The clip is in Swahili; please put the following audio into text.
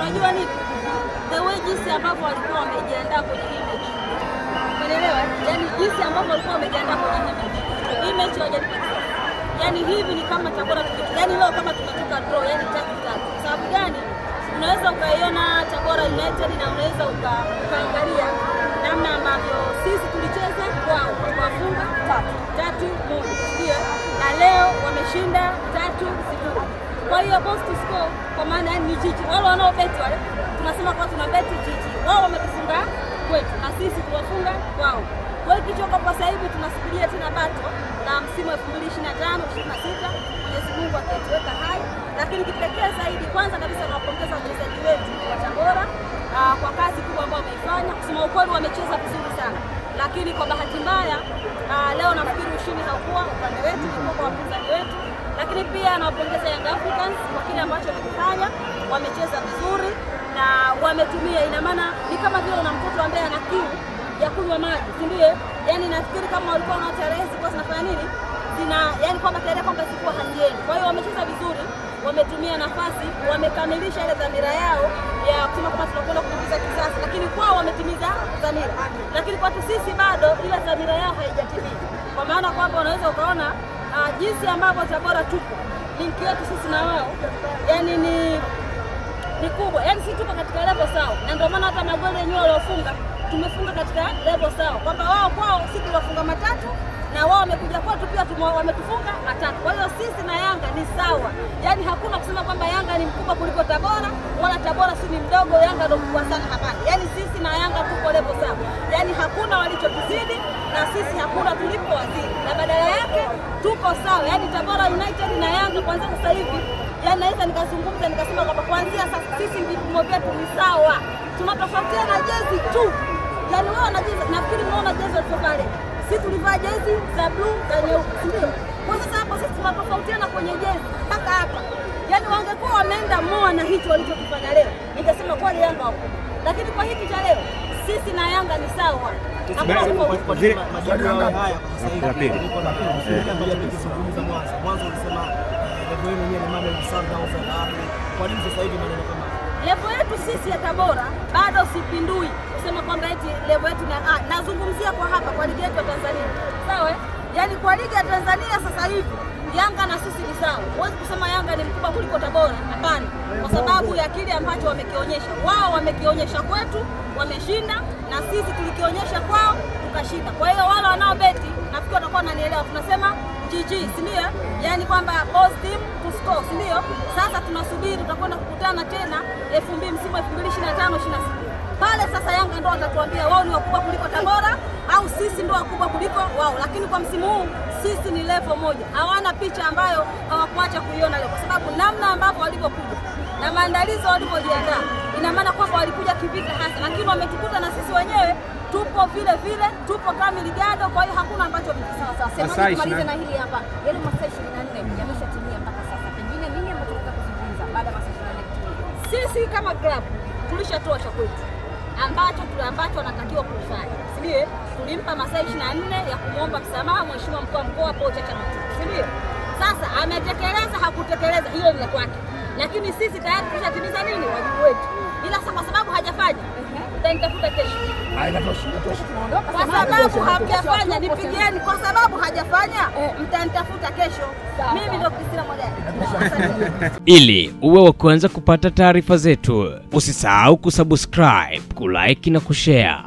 unajua ni the way jinsi ambavyo walikuwa wamejiandaa kwenye hii mechi, unaelewa? Yani jinsi ambavyo walikuwa wamejiandaa kwenye hii mechi, hii mechi hawajalipa yani hivi ni kama Tabora yani leo kama tumetoka draw, yani tatu tatu. Sababu gani? Unaweza ukaiona Tabora United na unaweza ukaangalia namna ambavyo sisi tulicheza kwao, wafunga tatu tatu moja, ndio na leo wameshinda tatu sifuri. Kwa hiyo boss score kwa maana ni jiji, wale wanaobeti wale tunasema kwa tunabeti jiji, wao wametufunga kwetu na sisi tuwafunga wao. Kwa hiyo kichoko kwa sasa hivi tunasubiria tena bato na msimu 2025 26 Mwenyezi Mungu akituweka hai, lakini kipekee zaidi, kwanza kabisa tunawapongeza wachezaji wetu wa Tabora ah, kwa kazi kubwa ambayo wameifanya. Kusema ukweli, wamecheza vizuri sana, lakini kwa bahati mbaya ah, leo nafikiri ushindi haukuwa upande wetu, kwa wapinzani lakini pia nawapongeza Young Africans kwa kile ambacho wamekifanya. Wamecheza vizuri na wametumia, ina maana ni kama vile una mtoto ambaye ana kiu ya kunywa maji, si ndio? Yaani nafikiri kama walikuwa na tarehe zilikuwa zinafanya nini, zina yaani kwamba tarehe kwamba zilikuwa hazieni. Kwa hiyo wamecheza vizuri, wametumia nafasi, wamekamilisha ile dhamira yao ya kusema kwamba tunakwenda kukuza kisasi, lakini kwao wametimiza dhamira, lakini kwetu sisi bado ile dhamira yao haijatimia, kwa maana kwamba unaweza ukaona uh, jinsi ambavyo Tabora tupo linki yetu sisi na wao yani ni, ni kubwa yani sisi tupo katika level sawa, na ndio maana hata magoli yenyewe waliofunga tumefunga katika level sawa, kwamba wao kwao sisi tuliwafunga matatu na wao wamekuja kwetu pia wametufunga matatu. Kwa hiyo sisi na Yanga ni sawa, yaani hakuna kusema kwamba Yanga ni mkubwa kuliko Tabora wala Tabora si ni mdogo, Yanga ndio mkubwa sana. Hapana, yaani sisi na Yanga tuko level sawa, yaani hakuna walichotuzidi na sisi hakuna tulipowazidi, na badala yake tuko sawa, Yani Tabora United na Yanga kwanza sasa hivi, yaani naweza nikazungumza nikasema kwamba kuanzia sasa sisi vipimo vyetu ni sawa, tunatofautiana jezi tu. Yani wao wanajezi, nafikiri mnaona jezi pale, sisi tulivaa jezi za bluu na nyeupe, ndio kwa sasa hapo sisi tunatofautiana kwenye jezi mpaka hapa. Yani wangekuwa wameenda moa na hicho walichokifanya leo, nikasema kweli Yanga wapo, lakini kwa hiki cha leo sisi na Yanga ni sawa. Eh. Eh, levo yetu sisi ya Tabora bado sipindui kusema kwamba eti levo yetu, ah, nazungumzia kwa hapa kwa ligi yetu ya Tanzania, sawa. Eh? Yaani kwa ligi ya Tanzania sasa hivi Yanga na sisi ni sawa. Huwezi kusema Yanga ni mkubwa kuliko Tabora, hapana, kwa sababu ya kile ambacho wamekionyesha wao. Wamekionyesha kwetu wameshinda, na sisi tulikionyesha kwao tukashinda. Kwa hiyo wale wanaobeti nafikiri watakuwa wananielewa, tunasema GG, si ndio? Eh? Yaani kwamba both team to score, si ndio? Sasa tunasubiri tutakwenda kukutana tena 2000 msimu 2025 26 pale wabunge ndio watatuambia wao ni wakubwa kuliko Tabora au sisi ndio wakubwa kuliko wao, lakini kwa msimu huu sisi ni level moja. Hawana picha ambayo hawakuacha kuiona leo, kwa sababu namna ambavyo walivyokuja na maandalizo walivyojiandaa, ina maana kwamba walikuja kivita hasa, lakini wametukuta na sisi wenyewe tupo vile vile, tupo kama ligado. Kwa hiyo hakuna ambacho ni sawa sawa. Sema tumalize na hili hapa, yale masaa 24 yameshatimia mpaka sasa, pengine nini ambacho tunataka kuzungumza baada ya masaa 24? Sisi kama club tulishatoa cha kwetu ambacho ambacho wanatakiwa kufanya, si ndio? Tulimpa masaa 24 ya kumwomba msamaha mheshimiwa mkuu wa mkoa Paul Chacha Matulu, si ndio? Sasa ametekeleza hakutekeleza, hiyo ni kwake, lakini sisi tayari tushatimiza nini wajibu wetu, ila sasa kwa sababu hajafanya nitafuta kesho, kwa sababu hajafanya nipigieni, kwa sababu hajafanya mtanitafuta kesho. Mimi ndio Christina Moja. Ili uwe wa kwanza kupata taarifa zetu, usisahau kusubscribe, kulike na kushare.